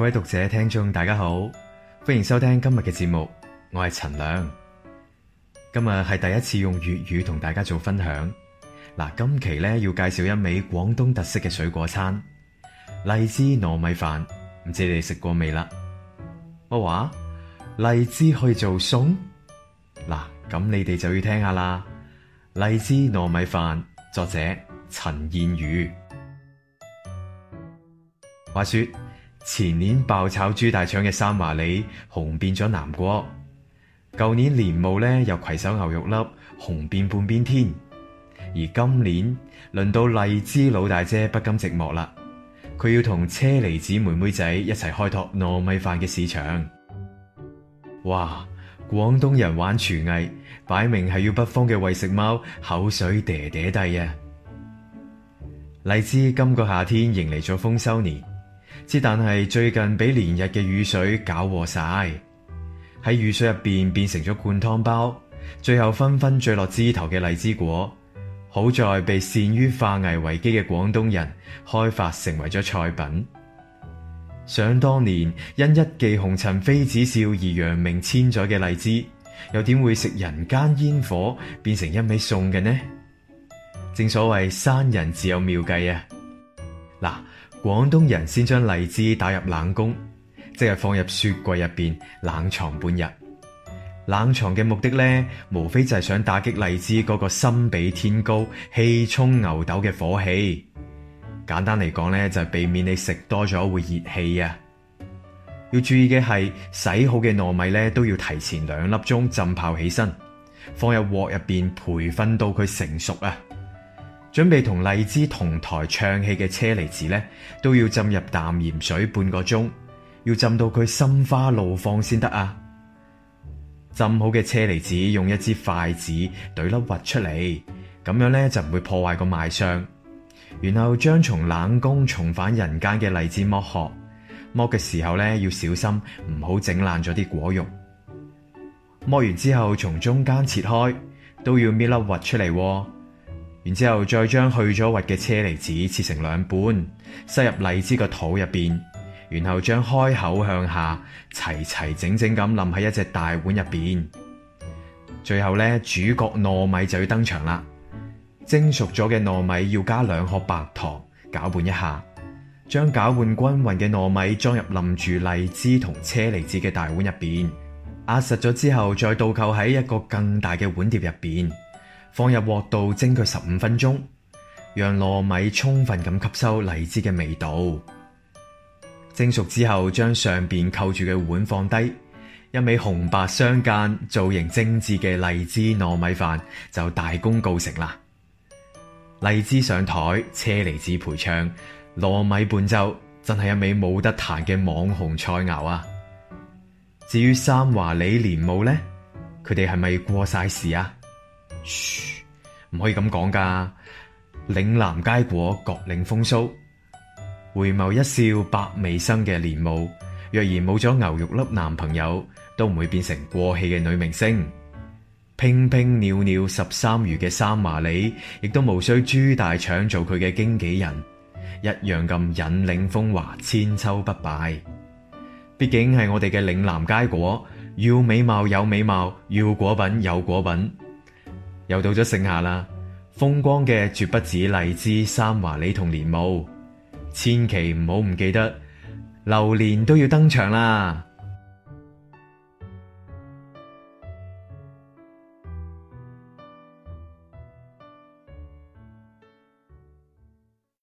各位讀者、聽眾，大家好，歡迎收聽今日嘅節目。我係陳亮，今日係第一次用粵語同大家做分享。嗱，今期咧要介紹一味廣東特色嘅水果餐——荔枝糯米飯，唔知你食過未啦？乜話荔枝可以做餸？嗱，咁你哋就要聽下啦，《荔枝糯米飯》作者陳燕宇。話說。前年爆炒豬大腸嘅三華李紅遍咗南國，舊年蓮霧呢又攜手牛肉粒紅遍半邊天，而今年輪到荔枝老大姐不甘寂寞啦，佢要同車厘子妹妹仔一齊開拓糯米飯嘅市場。哇！廣東人玩廚藝，擺明係要北方嘅為食貓口水嗲嗲低啊！荔枝今個夏天迎嚟咗豐收年。之但係最近俾連日嘅雨水攪和晒，喺雨水入邊變成咗灌湯包，最後紛紛墜落枝頭嘅荔枝果，好在被善於化危為機嘅廣東人開發成為咗菜品。想當年因一騎紅塵妃子笑而揚名千載嘅荔枝，又點會食人間煙火變成一味餸嘅呢？正所謂山人自有妙計啊！嗱。廣東人先將荔枝打入冷宮，即係放入雪櫃入邊冷藏半日。冷藏嘅目的呢，無非就係想打擊荔枝嗰個心比天高、氣沖牛斗嘅火氣。簡單嚟講呢，就係避免你食多咗會熱氣啊。要注意嘅係，洗好嘅糯米呢都要提前兩粒鐘浸泡起身，放入鑊入邊培訓到佢成熟啊。準備同荔枝同台唱戲嘅車厘子咧，都要浸入淡鹽水半個鐘，要浸到佢心花怒放先得啊！浸好嘅車厘子用一支筷子懟粒核出嚟，咁樣咧，就唔會破壞個賣相。然後將從冷宮重返人間嘅荔枝剝殼，剝嘅時候咧，要小心，唔好整爛咗啲果肉。剝完之後從中間切開，都要搣粒核出嚟啊。然之後，再將去咗核嘅車厘子切成兩半，塞入荔枝個肚入邊，然後將開口向下，齊齊整整咁冧喺一隻大碗入邊。最後咧，主角糯米就要登場啦。蒸熟咗嘅糯米要加兩殼白糖，攪拌一下，將攪拌均勻嘅糯米裝入冧住荔枝同車厘子嘅大碗入邊，壓實咗之後，再倒扣喺一個更大嘅碗碟入邊。放入鑊度蒸佢十五分鐘，讓糯米充分咁吸收荔枝嘅味道。蒸熟之後，將上邊扣住嘅碗放低，一味紅白相間、造型精緻嘅荔枝糯米飯就大功告成啦！荔枝上台，車厘子陪唱，糯米伴奏，真係一味冇得彈嘅網紅菜肴啊！至於三華李蓮霧呢，佢哋係咪過晒時啊？嘘，唔可以咁講噶，嶺南佳果，各領風騷。回眸一笑百媚生嘅蓮霧，若然冇咗牛肉粒男朋友，都唔會變成過氣嘅女明星。娉娉裊裊十三餘嘅三華李，亦都無需豬大腸做佢嘅經紀人，一樣咁引領風華，千秋不敗。畢竟係我哋嘅嶺南佳果，要美貌有美貌，要果品有果品。又到咗盛夏啦，風光嘅絕不止荔枝、三華李同蓮霧，千祈唔好唔記得榴蓮都要登場啦。